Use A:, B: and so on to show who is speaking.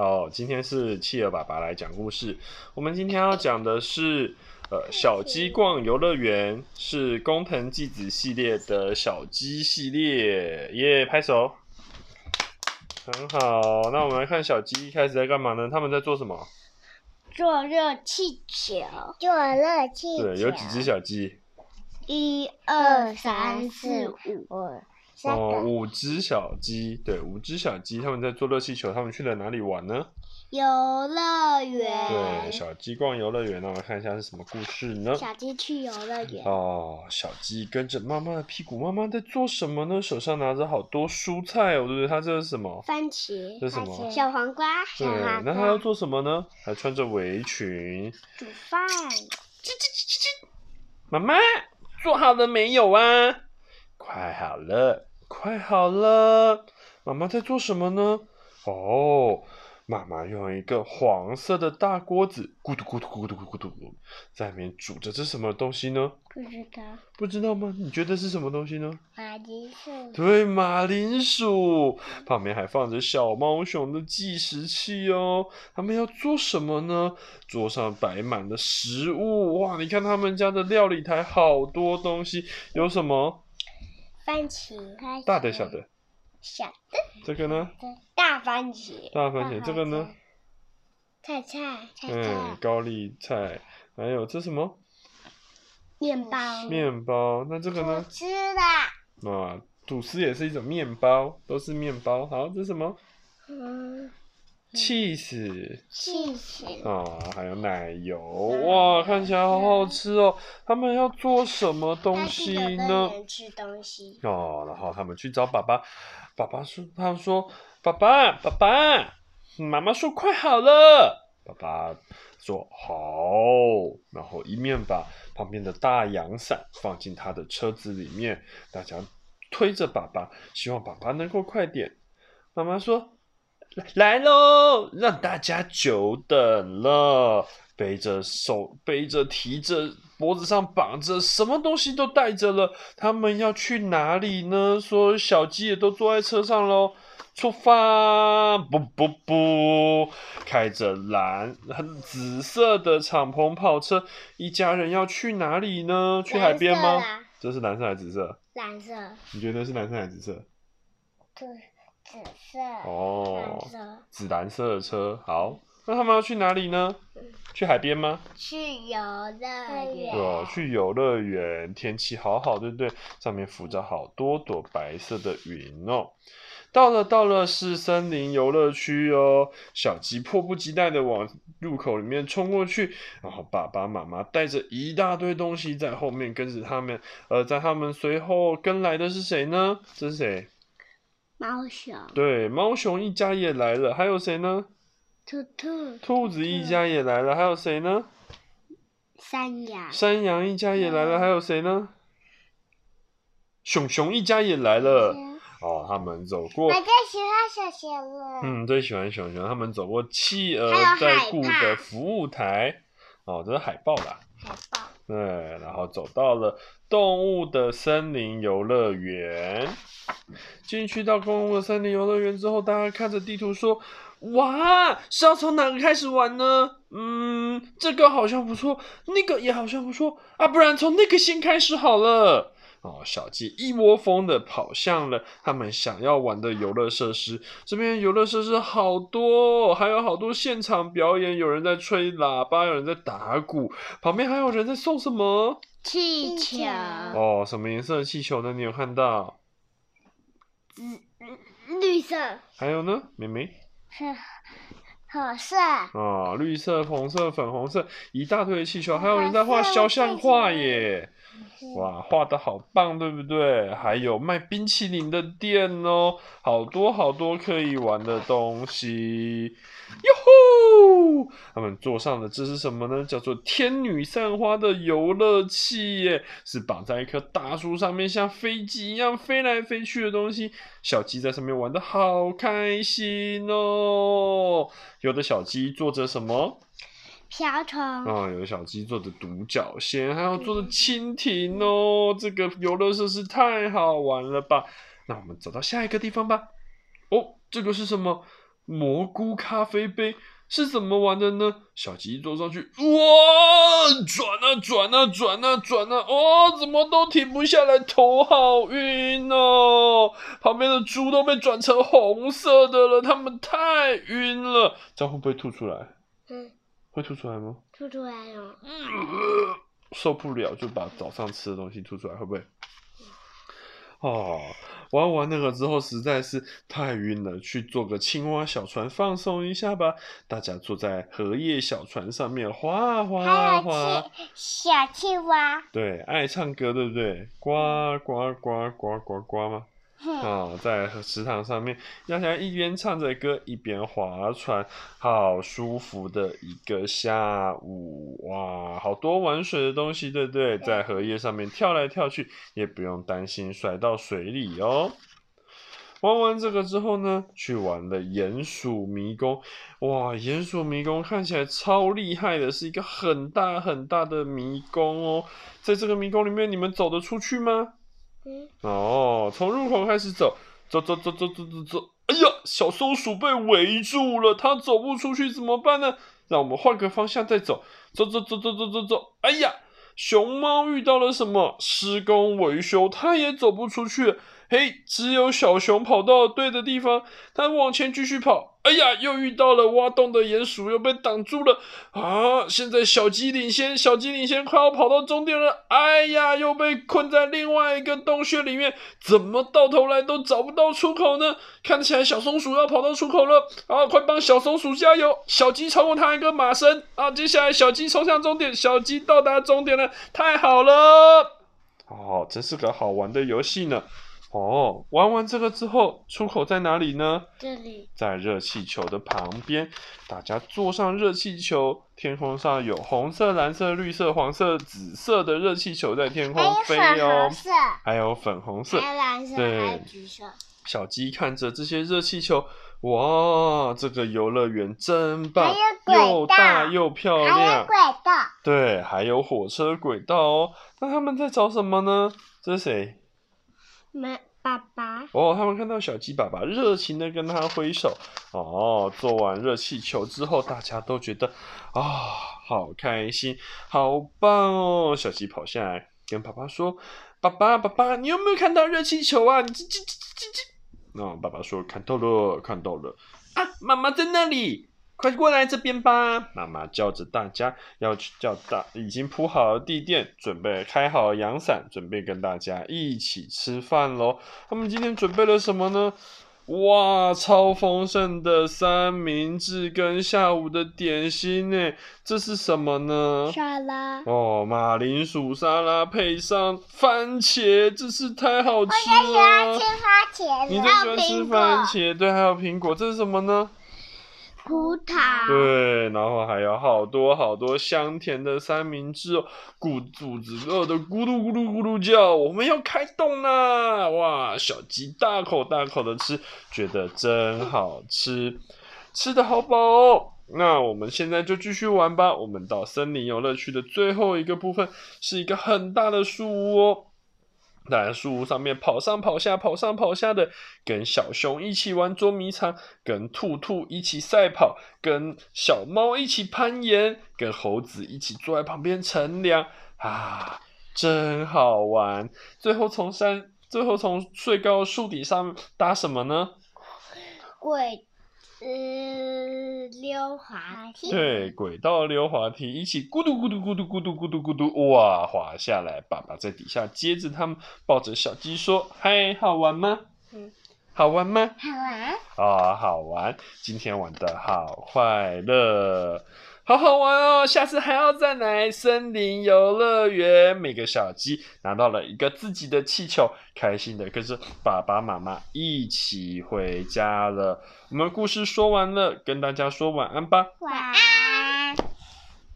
A: 好、哦、今天是企鵝爸爸來講故事。我們今天要講的是，呃，小雞逛遊樂園，是工藤紀子系列的小雞系列，耶、yeah，拍手。很好，那我們來看小雞一開始在幹嘛呢？他們在做什麼？坐熱氣球。坐熱氣球。對，有幾隻小雞？一二三四五。哦，更五隻小雞，對，五隻小雞，他們在坐熱氣球，他們去了哪裡玩呢？遊樂園。對，小雞逛遊樂園，那我們看一下是什麼故事呢？小雞去遊樂園。哦，小雞跟着媽媽的屁股，媽媽在做什麼呢？手上拿着好多蔬菜、哦，我覺得它這是什麼？番茄。這是什麼？番茄。對，小黃瓜。瓜。對，那它要做什麼呢？還穿着圍裙。煮飯。嘰嘰嘰嘰，媽媽做好了沒有啊？快好了。快好了，媽媽在做什麼呢？哦，媽媽用一個黃色的大鍋子，咕嘟咕嘟咕嘟咕嘟咕嘟，在裡面煮着，這是什麼東西呢？不知道。不知道嗎？你覺得是什麼東西呢？馬鈴薯。對，馬鈴薯。旁邊還放着小貓熊的計時器哦。他們要做什麼呢？桌上擺滿了食物，哇！你看他們家的料理台，好多東西，有什麼？番茄，番茄大的、小的，小的。這個呢？大番茄。大番茄，大番茄，這個呢？菜菜。菜菜，嗯，高麗菜，還有，這是什麼？麵包。麵包，那這個呢？吃的。啊，吐司也是一種麵包，都是麵包。好，這是什麼？嗯。起司，起司。s 啊司、哦，還有奶油，麼哇，看起來好好吃哦。嗯、他們要做什麼東西呢？吃東西。哦，然後他們去找爸爸，爸爸說，他說，爸爸，爸爸，媽媽說快好了。爸爸說好，然後一面把旁邊的大陽傘放進他的車子裡面，大家推着爸爸，希望爸爸能夠快點。媽媽說。來嘍，讓大家久等了。背着手、背着、提着，脖子上綁着，什麼東西都帶着了。他們要去哪裡呢？說小雞也都坐在車上嘍，出發！噗噗噗，開着藍、紫色的敞篷跑車，一家人要去哪裡呢？去海邊嗎？這是藍色還是紫色？藍色。你覺得是藍色還是紫色？對。紫色哦，藍色紫藍色的車，好，那他們要去哪裡呢？去海邊嗎？去遊樂園。對哦，去遊樂園，天氣好好，對不對？上面浮着好多朵白色的雲哦。到了，到了，是森林遊樂區哦。小雞迫不及待地往入口裡面衝過去，然後爸爸媽媽帶着一大堆東西在後面跟着他們。而在他們隨後跟來的是誰呢？這是誰？貓熊，對，貓熊一家也來了，還有誰呢？兔兔，兔子一家也來了，還有誰呢？山羊，山羊一家也來了，嗯、還有誰呢？熊熊一家也來了。嗯、哦，他們走過，我最喜歡熊熊了。嗯，最喜歡熊熊。他們走過企鵝在顧的服務台，哦，這是海豹吧？海豹報，對，然後走到了動物的森林遊樂園。進去到公共的森林遊樂園之後，大家看着地圖說：“哇，是要從哪個開始玩呢？”嗯，這個好像不錯，那個也好像不錯啊，不然從那個先開始好了。哦，小雞一窩蜂的跑向了他們想要玩的遊樂設施。這邊遊樂設施好多，還有好多現場表演，有人在吹喇叭，有人在打鼓，旁邊還有人在送什麼氣球？哦，什麼顏色的氣球呢？你有看到？嗯，綠色。還有呢，妹妹。紅， 色。啊、哦，綠色、紅色、粉紅色，一大堆的氣球。還有人在畫肖像畫耶！哇，畫的好棒，對不對？還有賣冰淇淋的店哦，好多好多可以玩的東西。呦哦，他們坐上的這是什麼呢？叫做“天女散花”的遊樂器耶，是綁在一棵大樹上面，像飛機一樣飛來飛去的東西。小雞在上面玩得好開心哦。有的小雞坐着什麼？瓢蟲啊，有的小雞坐着獨角仙，還有坐着蜻蜓哦。這個遊樂設施太好玩了吧！那我們走到下一個地方吧。哦，這個是什麼？蘑菇咖啡杯。是怎麼玩的呢？小雞坐上去，哇，轉啊轉啊轉啊轉啊，哦，怎麼都停不下來，頭好暈哦！旁邊的豬都被轉成紅色的了，他們太暈了，這樣會不會吐出來？會、嗯，會吐出來嗎？吐出來了、哦呃，受不了就把早上吃的東西吐出來，會不會？啊、哦！玩完那個之後實在是太暈了，去坐個青蛙小船放鬆一下吧。大家坐在荷葉小船上面，嘩嘩嘩。還有小青蛙。對，愛唱歌，對不對？呱呱呱呱呱呱,呱,呱,呱嗎？哦，在池塘上面，大家一邊唱着歌，一邊划船，好舒服的一個下午。哇，好多玩水的東西，對不對？在荷葉上面跳來跳去，也不用擔心甩到水裡哦。玩完這個之後呢，去玩了鼴鼠迷宮。哇，鼴鼠迷宮看起來超厲害的，是一個很大很大的迷宮哦。在這個迷宮裡面，你們走得出去嗎？嗯。哦，從入口開始走，走走走走走走走，哎呀，小松鼠被圍住了，它走不出去，怎麼辦呢？讓我們換個方向再走，走走走走走走走，哎呀，熊貓遇到了什麼施工維修，它也走不出去了。嘿，只有小熊跑到對的地方，它往前繼續跑。哎呀，又遇到了挖洞的鼴鼠，又被擋住了。啊，現在小雞領先，小雞領先，快要跑到終點了。哎呀，又被困在另外一個洞穴裡面，怎麼到頭來都找不到出口呢？看起來小松鼠要跑到出口了。啊，快幫小松鼠加油！小雞超過它一個馬身。啊，接下來小雞衝向終點，小雞到達終點了，太好了！哦，真是個好玩的遊戲呢。哦，玩完這個之後，出口在哪裡呢？這裡，在熱氣球的旁邊。大家坐上熱氣球，天空上有紅色、藍色、綠色、黃色、紫色的熱氣球在天空飛哦。還有粉紅色，還有粉紅色，還有，紅色還有藍色，對，還有橘色。小雞看着這些熱氣球，哇，這個遊樂園真棒，還有軌道，又大又漂亮。還有軌道，對，還有火車軌道哦。那他們在找什麼呢？這是誰？沒，爸爸。哦，他們看到小雞爸爸熱情的跟他揮手。哦，做完熱氣球之後，大家都覺得，啊、哦，好開心，好棒哦！小雞跑下來跟爸爸說：“爸爸，爸爸，你有沒有看到熱氣球啊？”嘰嘰嘰嘰。那、哦、爸爸說：“看到了，看到了。”啊，媽媽在那裡。快過來這邊吧，媽媽叫着大家要去叫大，已經鋪好了地墊，準備開好陽傘，準備跟大家一起吃飯嘍。他們今天準備了什麼呢？哇，超豐盛的三明治跟下午的點心誒，這是什麼呢？沙拉。哦，馬鈴薯沙拉配上番茄，真是太好吃了。我最喜歡吃番茄，你,還你最喜歡吃番茄，對，還有蘋果。這是什麼呢？葡萄，對，然後還有好多好多香甜的三明治哦，咕，肚子餓的咕嚕咕嚕咕嚕叫，我們要開動啦！哇，小雞大口大口的吃，覺得真好吃，吃得好飽哦。那我們現在就繼續玩吧，我們到森林遊樂區的最後一個部分，是一個很大的樹屋哦。在樹屋上面跑上跑下，跑上跑下的，跟小熊一起玩捉迷藏，跟兔兔一起賽跑，跟小貓一起攀岩，跟猴子一起坐在旁邊乘涼，啊，真好玩！最後從山，最後從最高的樹頂上搭什麼呢？呃、嗯，溜滑梯。對，軌道溜滑梯，一起咕嘟，咕嘟咕嘟咕嘟咕嘟咕嘟咕嘟，哇，滑下來！爸爸在底下接着他們，抱着小雞說：“嗨，好玩嗎？嗯、好玩嗎？好玩！啊、哦，好玩！今天玩得好快樂。”好好玩哦，下次還要再來森林遊樂園。每個小雞拿到了一個自己的氣球，開心的跟着爸爸媽媽一起回家了。我們故事說完了，跟大家說晚安吧。晚安。